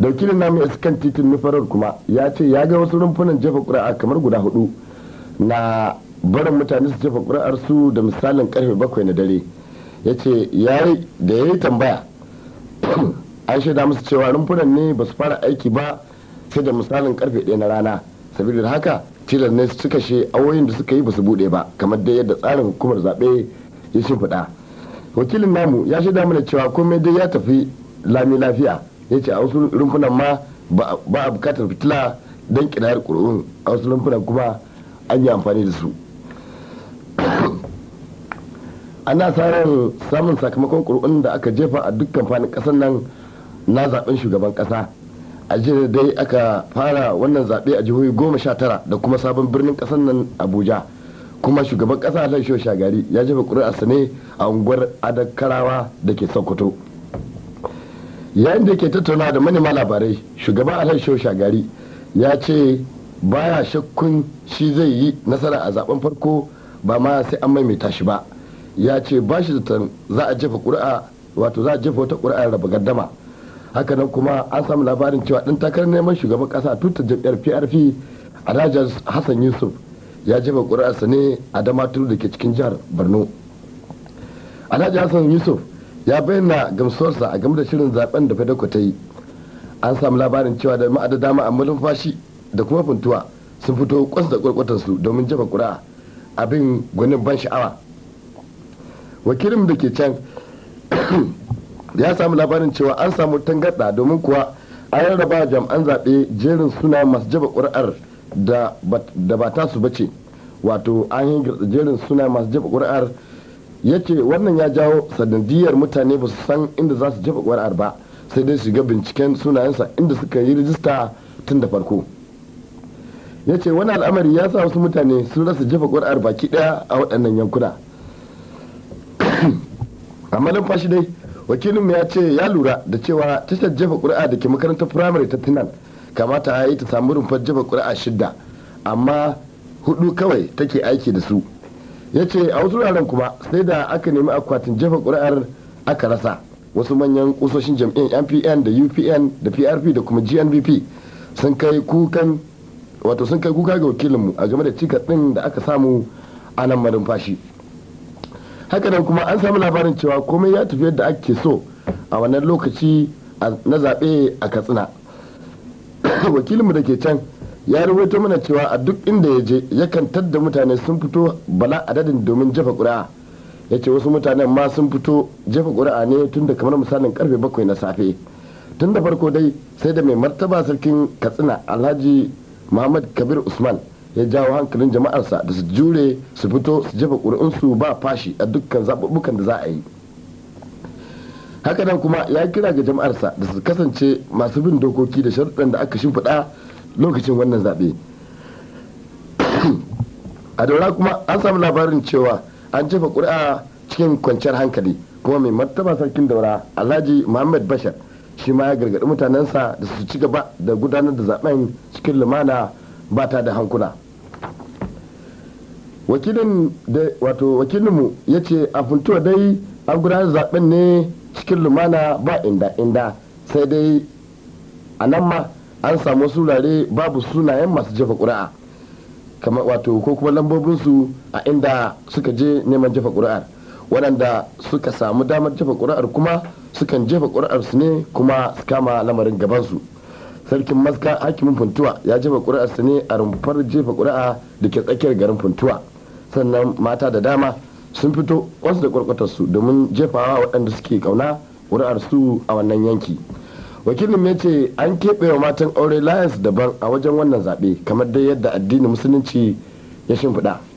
daukilin namu ya kan titin nufarar kuma ya ce ya ga wasu rumfunan jefa ƙuri'a kamar guda hudu na barin mutane su jefa ƙuri'ar su da misalin karfe bakwai na dare ya ce da ya yi tambaya an shaida musu cewa rumfunan ne ba su fara aiki ba sai da misalin karfe ɗaya na rana saboda haka tilar ne su cika kashe awoyin da suka yi ba su buɗe ba kamar dai yadda tsarin hukumar zaɓe ya shimfiɗa wakilin namu ya shaida mana cewa komai dai ya tafi lami lafiya ya ce a wasu rumfunan ma ba a bukatar fitila don kinayar ƙuri'un a wasu rumfunan kuma an yi amfani da su ana samun samun sakamakon ƙuri'un da aka jefa a dukkan fanin ƙasar nan na zaɓen shugaban ƙasa a jiya dai aka fara wannan zaɓe a jihohi goma sha tara da kuma sabon birnin ƙasar nan abuja kuma shugaban ƙasa alhaji shagari ya jefa ƙuri'arsa ne a unguwar adakarawa da ke sokoto yayin da ke tattauna da manema labarai shugaban alhaji shehu shagari ya ce baya shakkun shi zai yi nasara a zaben farko ba ma sai an maimaita shi ba ya ce ba shi zaton za a jefa ƙuri'a wato za a jefa wata ƙuri'a raba gaddama hakanan kuma an samu labarin cewa ɗan takarar neman shugaban ƙasa tutar jam'iyyar prp alhaji hassan yusuf ya jefa ƙuri'arsa ne a damaturu da ke cikin jihar borno alhaji hassan yusuf ya bayyana gamsuwarsa a game da shirin zaben da fedako ta yi an samu labarin cewa da ma'a da dama amma lumfashi da kuma funtuwa sun fito kwas da su domin jefa kura abin gwanin ban sha'awa wakilin da ke can ya samu labarin cewa an samu tangarɗa domin kuwa an rarraba jam'an zaɓe jerin suna masu jefa ƙuri'ar da ba tasu bace wato an yi jerin suna masu jefa ƙuri'ar ya ce wannan ya jawo sanadiyar mutane ba su san inda za su jefa kwar'ar ba sai dai shiga binciken sunayensa inda suka yi rijista tun da farko ya ce wani al'amari ya sa wasu mutane sun rasa jefa kwar'ar baki ɗaya a waɗannan yankuna amma fashi dai wakilinmu ya ce ya lura da cewa tashar jefa ƙuri'a da ke makarantar firamare ta tunan kamata ya yi ta samu rumfar jefa kuri'a shidda amma hudu kawai take aiki da su ya ce a wasu wuraren kuma sai da aka nemi akwatin jefa ƙuri'ar aka rasa wasu manyan kusoshin jam'iyyar npn da upn da prp da kuma gnbp sun kai sun kai kuka ga wakilinmu a game da cikas ɗin da aka samu a nan haka hakanan kuma an samu labarin cewa komai ya tafi yadda ake so a wannan lokaci na zaɓe a katsina wakilinmu da ke can ya rubuta mana cewa a duk inda ya je yakan tadda mutane sun fito bala adadin domin jefa ƙuri'a ya ce wasu mutanen ma sun fito jefa ƙuri'a ne tun da kamar misalin karfe bakwai na safe tun da farko dai sai da mai martaba sarkin katsina alhaji muhammad kabir usman ya jawo hankalin jama'arsa da su jure su fito su jefa ƙuri'unsu ba fashi a dukkan zaɓuɓɓukan da za a yi hakanan kuma ya kira ga jama'arsa da su kasance masu bin dokoki da sharuɗan da aka shimfiɗa lokacin wannan zaɓe a daura kuma an samu labarin cewa an jefa ƙuri'a cikin kwanciyar hankali kuma mai martaba sarkin daura alhaji muhammad bashar shi ma ya gargaɗi mutanensa da su ci gaba da gudanar da zaɓen cikin lumana ba ta da hankula wakilinmu ya ce a funtuwa dai an gudanar zaɓen ne cikin lumana ba inda inda sai dai a nan ma an samu sunare babu sunayen masu jefa ƙuri'a kamar wato ko kuma lambobinsu a inda suka je neman jefa ƙuri'ar waɗanda suka samu damar jefa ƙuri'ar kuma sukan jefa ƙuri'ar su ne kuma su kama lamarin gabansu sarkin maska hakimin funtuwa ya jefa ƙuri'ar su ne a rumfar jefa ƙuri'a da ke tsakiyar garin funtuwa sannan mata da dama sun fito wasu da kwarkwatarsu domin jefawa waɗanda suke ƙauna ƙuri'ar su a wannan yanki wakilin ya ce an keɓe wa matan aure layansu daban a wajen wannan zaɓe kamar dai yadda addinin musulunci ya shimfiɗa